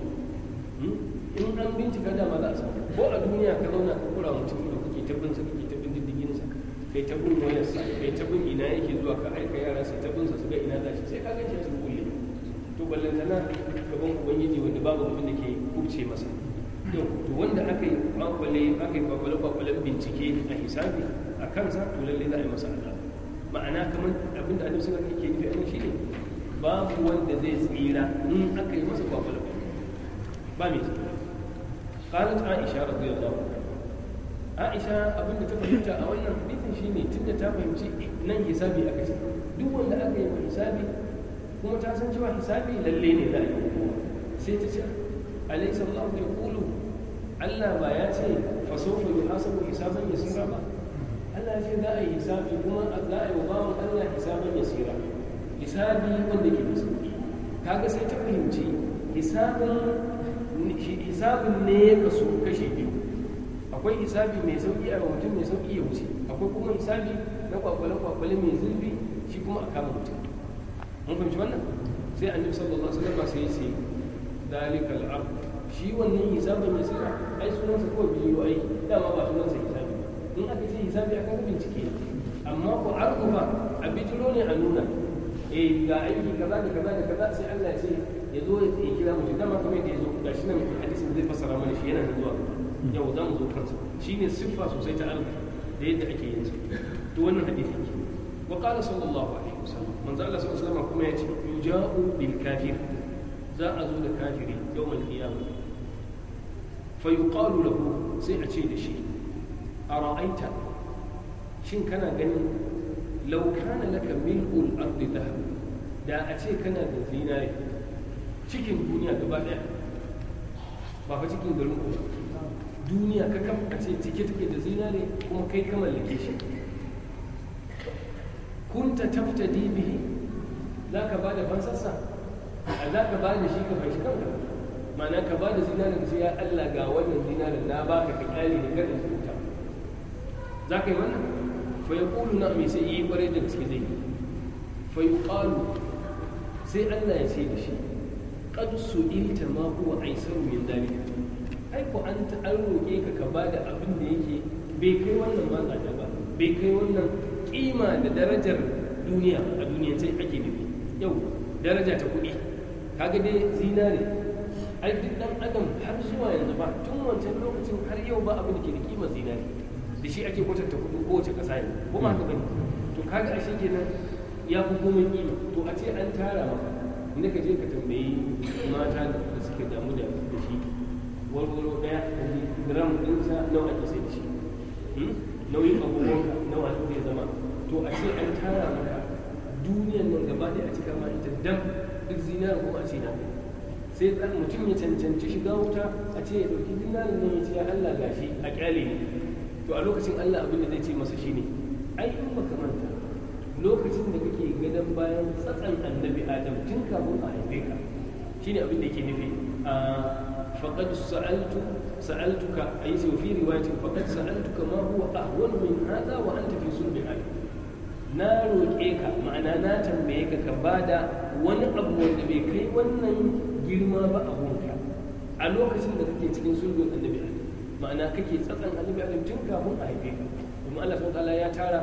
hmm? in an bincika dama za a samu ko a duniya ka zauna ka kura mutum da kake tabbin sa kake tabbin diddigin sa kai tabbin wayar sa kai tabbin ina yake zuwa ka aika yara su tabbin sa su ga ina za shi sai ka ganci su kulle to ku gaban ubangiji wanda babu mutum da ke kubce masa to wanda aka yi kwakwale aka yi kwakwale kwakwalen bincike a hisabi a kansa to lallai za a yi masa ala. ma'ana kamar abinda annabi sallallahu alaihi wasallam yake nufi shine babu wanda zai tsira in aka yi masa kwakwalwa ba mai tsira qalat aisha radiyallahu anha aisha abin da ta fahimta a wannan hadisin shine tunda ta fahimci nan hisabi aka ce duk wanda aka yi hisabi kuma ta san cewa hisabi lalle ne za sai ta ce alaysa allah yaqulu allah ba ya ce fa sawfa yuhasabu hisaban yasira ba Allah ce za a yi hisabi kuma za a yi wa bawan Allah hisaban yasira hisabi wanda ke da sauki kaga sai ta fahimci hisabin ne ya kaso kashe biyu akwai hisabi mai sauki a mutum mai sauki ya wuce akwai kuma hisabi na kwakwale-kwakwale mai zurfi shi kuma a kama mutum mun fahimci wannan sai annabi sallallahu alaihi wasallam sai sai dalikal ab shi wannan hisabin yasira ai sunansa ko biyu aiki dama ba sunansa in aka ce hisabi aka ga bincike amma ku arku a bijiro ne a nuna eh ga aiki kaza da kaza da kaza sai Allah ya ce ya zo ya kira mu dama kamar da ya zo ga gashi nan hadisin zai fassara mana shi yana zuwa yau za mu zo kansa Shi ne siffa sosai ta Allah da yadda ake yin sa to wannan hadisi wa qala sallallahu alaihi wasallam manzo Allah sallallahu alaihi kuma ya ce yuja'u bil kafir za a zo da kafiri yawmal qiyamah fa yuqalu lahu sai a ce da shi ara'aita shin kana ganin law kana laka mil'ul ardi dhahab da a ce kana da zinare cikin duniya gaba ba fa cikin garin ku duniya ka kam a ce cike take da zinare kuma kai ka mallake shi kunta taftadi bihi za ka ba da fansarsa Allah ka ba da shi ka fashi kanka ma'ana ka ba da zinarin sai ya Allah ga wannan zinarin na ba ka kyale da karin za ka yi wannan fa ya ƙulu na mai sai yi ƙwarai da gaske zai fa yi ƙalu sai allah ya ce da shi ƙad su ilta ma huwa aisaru min dalika ai ko an an roƙe ka ka ba da abin da yake bai kai wannan ma tsada ba bai kai wannan kima da darajar duniya a duniya sai ake nufi yau daraja ta kuɗi kaga dai zinare ai duk ɗan adam har zuwa yanzu ba tun wancan lokacin har yau ba abin da ke da kima zinari da shi ake kwatanta kuɗin kowace kasa ne ko ba ka bane to kaga ashe kenan ya fi komai kima to a ce an tara maka inda ka je ka tambayi mata da suke damu da shi warwaro daya ka ji gram ɗinsa nawa ake sai da shi hmm? nauyin abubuwan nawa zai zama to a ce an tara maka duniyan nan gaba ɗaya a cika ma ita dam duk zinara ko a ce na Sai sai mutum ya cancanci shiga wuta a ce ya ɗauki dinarin nan ya ce ya Allah gashi a ƙyale ne to a lokacin Allah abin da zai ce masa shine ai in baka manta lokacin da kake gadon bayan tsatsan annabi Adam tun kafin a haife ka shine abin da yake nufi faqad sa'altu sa'altuka ay sai fi riwayatin faqad sa'altuka ma huwa ahwal min hadha wa anta fi sulbi Adam na roƙe ka ma'ana na tambaye ka ka bada wani abu wanda bai kai wannan girma ba a ka. a lokacin da kake cikin sulbin annabi Adam ma'ana kake tsatsan annabi adam tun kafin a haife ka domin Allah sun ya tara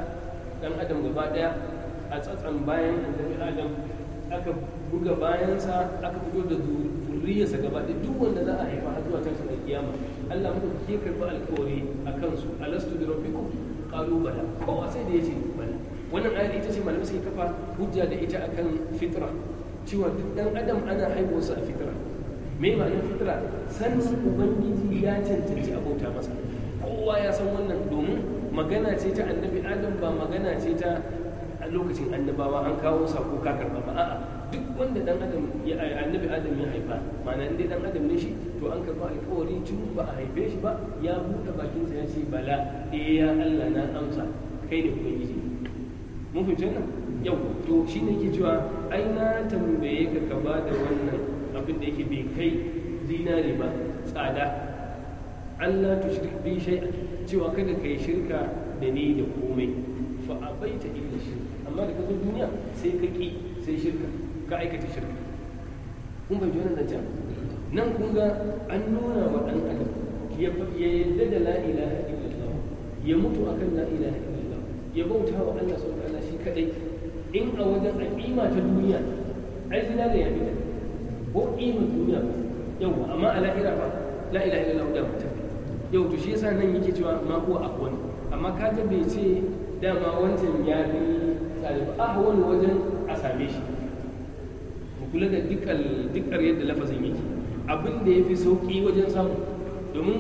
dan adam gaba daya a tsatsan bayan annabi adam aka buga bayansa aka fito da zuriyarsa gaba daya duk wanda za a haifa har zuwa da kiyama Allah mu ke karba alkawari a kansu alastu bi rabbikum qalu bala kowa sai da yace bala wannan ayar ita ce malamai sai kafa hujja da ita akan fitra cewa duk dan adam ana haihuwarsa a fitra me ma'anar fitra sanin ubangiji ya cancanci a bauta masa kowa ya san wannan domin magana ce ta annabi adam ba magana ce ta a lokacin annabawa an kawo sako ka karba ba a'a duk wanda dan adam ya annabi adam ya haifa ma'ana inda dan adam ne shi to an karba alƙawari tun ba a haife shi ba ya buɗe bakinsa ya ce bala eh ya Allah na amsa kai ne ubangiji mun fi yau to shine ke cewa ai na tambaye ka ka ba da wannan abin da yake bai kai zinare ba tsada Allah tu shirk bi shay cewa kada ka yi shirka da ni da komai fa abaita illa shi amma da ka zo duniya sai ka ki sai shirka ka aikata shirka kun bai jona nan nan kun ga an nuna wa dan adam ya yadda da la ilaha illallah ya mutu akan la ilaha illallah ya bauta wa Allah subhanahu wa ta'ala shi kadai in a wajen aqima ta duniya ai zinare ya fita ko ƙimar duniya yau amma a lahira ba la ilaha illallah da mutum yau to shi yasa nan yake cewa ma a ahwan amma kaga bai ce dama wancan ya fi tsari a wani wajen a same shi mu kula da dukkan yadda lafazin yake abin da ya fi sauƙi wajen samu domin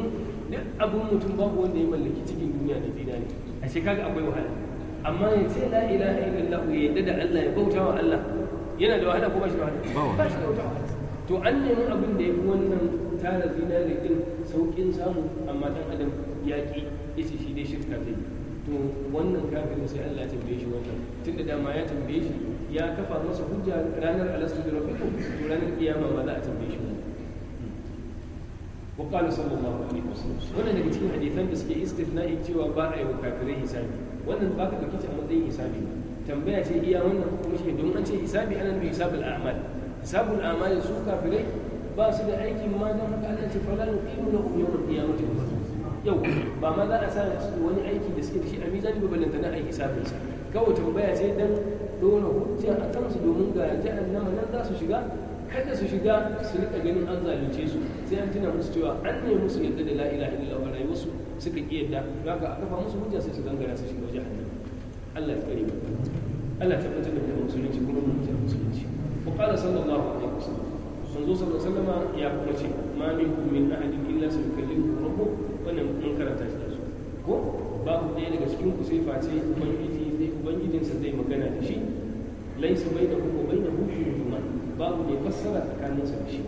duk abin mutum babu wanda ya mallaki cikin duniya da zinari a shekara akwai wahala amma ya ce la ilaha illallah ya yadda da Allah ya bauta wa Allah yana da wahala ko ba shi da wahala ba shi da wahala to an nemi abin da ya fi wannan tara zinare din saukin samu amma dan adam ya ki yace shi dai shirka zai to wannan kafirin sai Allah ya tambaye shi wannan tunda dama ya tambaye shi ya kafa masa hujja ranar alastu da rabbikum to ranar kiyama ba za a tambaye shi wa qala sallallahu alaihi wasallam wannan daga cikin hadisan da suke istifna'i cewa ba a yi wa kafirai hisabi wannan ba ka dauki ta a matsayin hisabi tambaya ce iya wannan kuma shi don an ce hisabi anan bi hisabul a'mal sabul amali su kafirai ba su da aikin ma don haka Allah ce fala nuqimu lahum yawmal qiyamati yau ba ma za a sa su wani aiki da suke da shi a mizani ba balanta na aiki sabin sa kawai tambaya sai dan dona hujja a kansu domin ga jahannama nan za su shiga kada su shiga su rika ganin an zalunce su sai an tuna musu cewa an ne musu yadda da la ilaha illallah wa rayuwarsu suka ki yadda haka a kafa musu hujja sai su gangara su shiga jahannama Allah ya kare mu Allah ya tabbatar da musulunci kuma mu musulunci وقال صلى الله عليه وسلم منذ صلى الله عليه وسلم يا قومتي ما منكم من أحد إلا سيكلمه ربه wannan mun karanta shi da su ko babu ɗaya daga cikin ku sai face ubangiji zai ubangijinsa magana da shi laisa bainahu wa bainahu juma babu mai fassara tsakaninsa da shi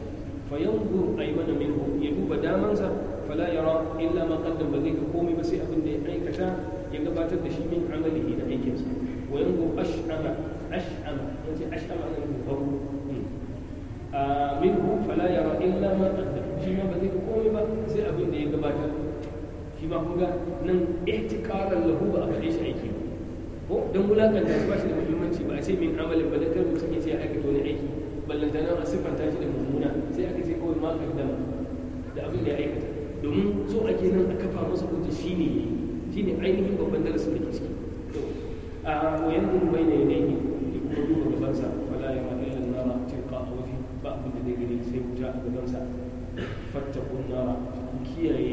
fayanzur aymana minhu ya duba damansa fala yara illa ma qaddam ba zai ga komai ba sai abin da ya aikata ya gabatar da shi min amalihi da aikinsa ash'ama yace ash'ama ana nufin babu minhu fala yara illa ma taqaddama shi ma ba zai komai ba sai abin ya gabatar shi ma ga nan ihtikaran lahu ba a kaɗe shi aiki ko dan mulakanta shi ba shi da muhimmanci ba a ce min amalin ba dan kar mutum ya ce ya aikata aiki ballantana a siffanta shi da mummuna sai aka ce kawai ma kaddama da abin da ya aikata domin so a nan a kafa masa ainihin babban darasin ke ciki bai ne ne gabansa wala ya mana ilin nara tilka a waje ba abin da gani sai wuta a gabansa fattakun nara ku kiyaye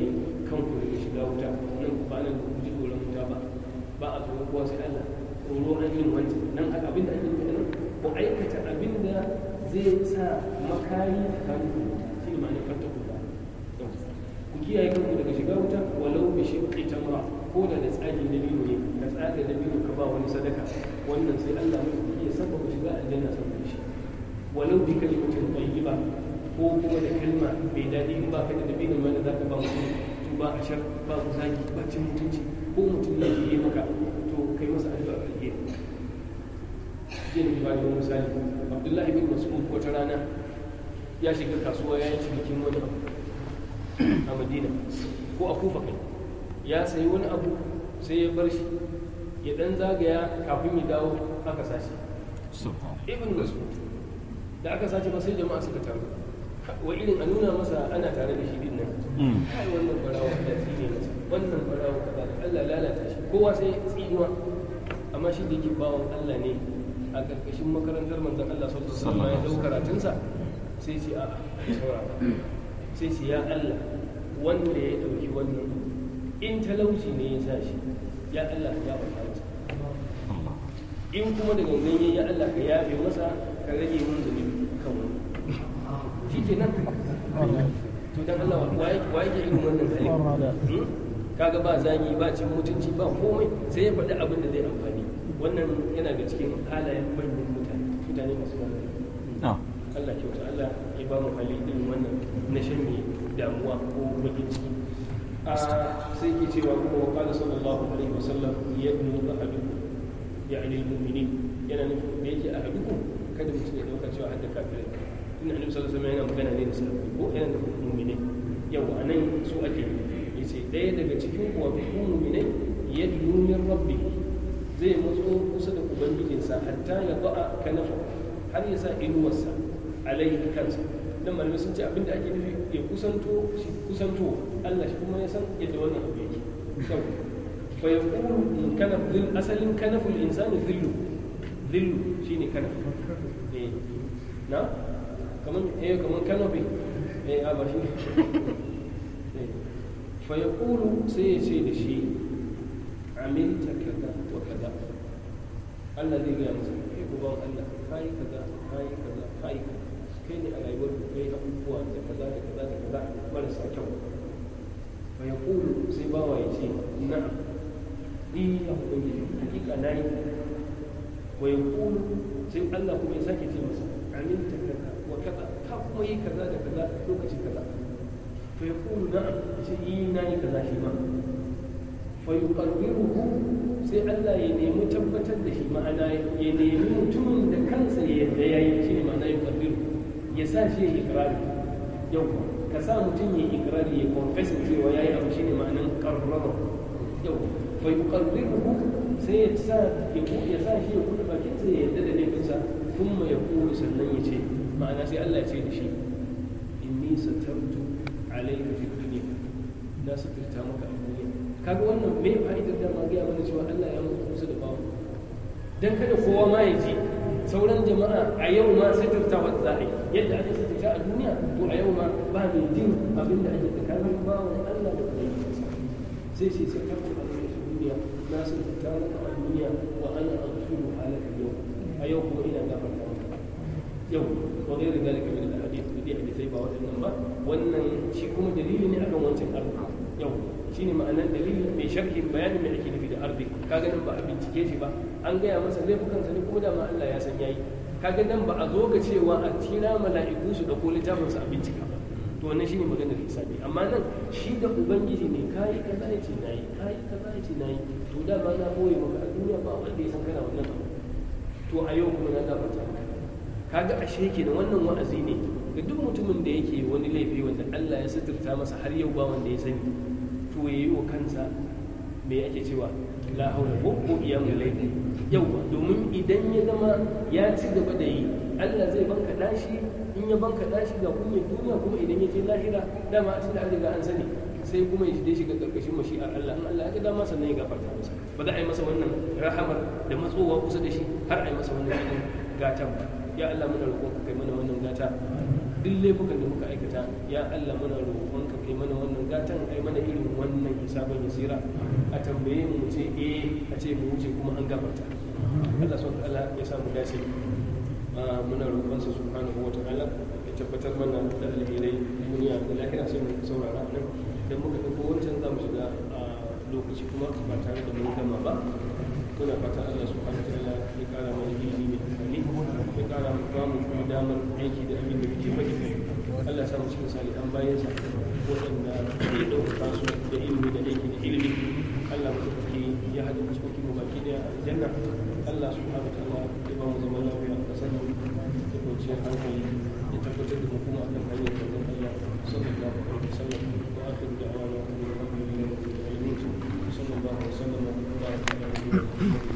kanku daga shiga wuta nan ku ba nan ku ji tsoron wuta ba ba a tsoron kowa sai Allah tsoro na yin wancan nan a abin da ake yi nan ku aikata abin da zai sa makari tsakanin ku shi ne ma'anar fattakun nara ku kiyaye kanku daga shiga wuta walau bi shiqqi tamra ko da da tsagin dabino ne ka tsaga dabino ka ba wani sadaka wannan sai Allah mai iya saba ku shiga aljanna saboda shi walau bi kalimatin tayyiba ko kuma da kalma mai daɗi in ba ka da dabinin wanda za ka ba to ba a shar ba ku zaki ba cin mutunci ko mutum ne ke yi maka to kai masa addu'a alheri yin ba da wani misali abdullahi bin mas'ud wata rana ya shiga kasuwa ya yi cinikin wani abu a madina ko a kufa kai ya sayi wani abu sai ya bar shi ya dan zagaya kafin ya dawo aka sashi ibn mas'ud da aka sace ba sai jama'a suka taru wa irin a nuna masa ana tare da shi din nan mm. kai wannan barawo da tsine masa wannan barawo kaza Allah lalata shi kowa sai tsinuwa amma shi da yake bawon Allah ne a karkashin makarantar manzon Allah sallallahu alaihi wasallam ya dau karatunsa sai ce a'a sai ce ya Allah wanda ya dauki wannan in talauci ne ya sa shi ya Allah ya bata in kuma da gangan yayi Allah ka yafe masa ka rage mun zunubi kan wani shi ke nan to dan Allah wa yake irin wannan hali hmm? kaga ba zagi ba cin mutunci ba komai sai ya faɗi abin da zai amfani wannan yana da cikin halayen manyan mutane mutane masu magana Allah kyauta Allah ya ba mu hali din wannan na shanye damuwa ko bakin ciki ah, sai ke cewa kuma wa qala sallallahu alaihi wasallam yadnu ahadukum يعني المؤمنين yana nufin da yake a haɗuku kada mutum ya ɗauka cewa hadda kafirai ina annabi sallallahu alaihi yana magana ne da sahabbai ko yana da mu'minai yau a nan su ake yace ɗaya daga cikin kuwa mu'minai yadnu min rabbi zai matso kusa da ubangijinsa hatta ya ba'a kanafa har ya sa inuwarsa alaihi kansa dan malamai sun ce abinda ake nufi ya kusanto shi kusanto Allah shi kuma ya san yadda wannan abu yake فيقول إن كان في ظل أصل إن كان في الإنسان ظله ظله شيني كنف إيه نعم كمان إيه كمان كنبي إيه أبا آه، شيني إيه فيقول سي سي شيء عملت كذا وكذا الذي لا قال يقول أن هاي كذا هاي كذا هاي كذا كيني على يقول كي إيه، أبوان أنت كذا كذا كذا ولا سأجاوب فيقول سيباوي شيء نعم eh ya ubangiji hakika nayi wa yaqulu sai Allah kuma ya sake ce masa amin ta kaza wa kaza ka kuma yi kaza da kaza lokacin kaza fa yaqulu na ce eh nayi kaza shi ma fa ku, sai Allah ya nemi tabbatar da shi ma'ana ya nemi mutumin da kansa ya yadda yayi shi ne ma'ana ya yuqarriruhu ya sa shi ya yi ikrari yau ka sa mutum ya yi ikrari ya confess cewa yayi abu shi ne ma'anan qarrara bai yuqarribuhu sai ya sa ya ya sa shi ya yadda da laifinsa thumma yaqulu sannan ya ce ma'ana sai Allah ce da shi inni satartu alayka fi dunya na satirta maka a duniya kaga wannan me fa'idar da ma ga mana cewa Allah ya mutu kusa da bawo dan kada kowa ma ya ji sauran jama'a a yau ma sitirta wa za'i yadda ake fita a duniya to a yau ma ba mai jin Allah da sai sai na so ta ta maka a duniya wa an aghfiru halaka yau a yau kuma ina gafarta maka yau wa ghairu zalika min al-hadith da hadisai ba wadannan ba wannan shi kuma dalili ne akan wancan arzu yau shi ne ma'anar dalilin mai sharhi bayanin mai ake nufi da arbi kaga nan ba a bincike shi ba an gaya masa laifukansa ne kuma dama Allah ya san yayi kaga nan ba a zo ga cewa a tira mala'iku su dauko littafin su a bincika to wannan shine maganar hisabi amma nan shi da ubangiji ne kai yi kayi nayi kai ce na nayi to da ba na boye maka a duniya ba wanda ya san kana wannan abu to a yau kuma na gafarta maka kaga ashe kenan wannan wa'azi ne ga duk mutumin da yake wani laifi wanda Allah ya suturta masa har yau ba wanda ya sani to yayi wa kansa me ake cewa la hawla wa quwwata illa laifi yau domin idan ya zama ya ci gaba da yi Allah zai banka dashi in ya banka dashi ga kunyar duniya kuma idan ya je lahira dama a cikin riga an sani sai kuma ya shige ga karkashin mashi a Allah in Allah ya ga dama sannan ya gafarta masa ba za a yi masa wannan rahamar da matsowa kusa da shi har a yi masa wannan irin gatan ya Allah muna roƙon ka kai mana wannan gata duk laifukan da muka aikata ya Allah muna roƙon ka kai mana wannan gatan kai mana irin wannan hisaban yasira a tambaye mu ce eh a ce mu wuce kuma an gafarta Allah subhanahu Allah ya samu dace muna roƙonsa subhanahu wa ta'ala ya tabbatar mana da alherai duniya da lahira sai mu saurara a nan dan muka ga wancan za mu shiga a lokaci kuma ba tare da mun gama ba muna fata Allah subhanahu wa ta'ala ya kara mana ilimi mai amfani ya kara ba mu kuma damar aiki da abin da muke faɗi Allah samu cikin salihan sa waɗanda ya dauka su da ilimi da aiki da ilimi Allah mu ya haɗa cikin mu baki da aljanna Allah subhanahu wa ta'ala ya ba mu zaman lafiya sani da da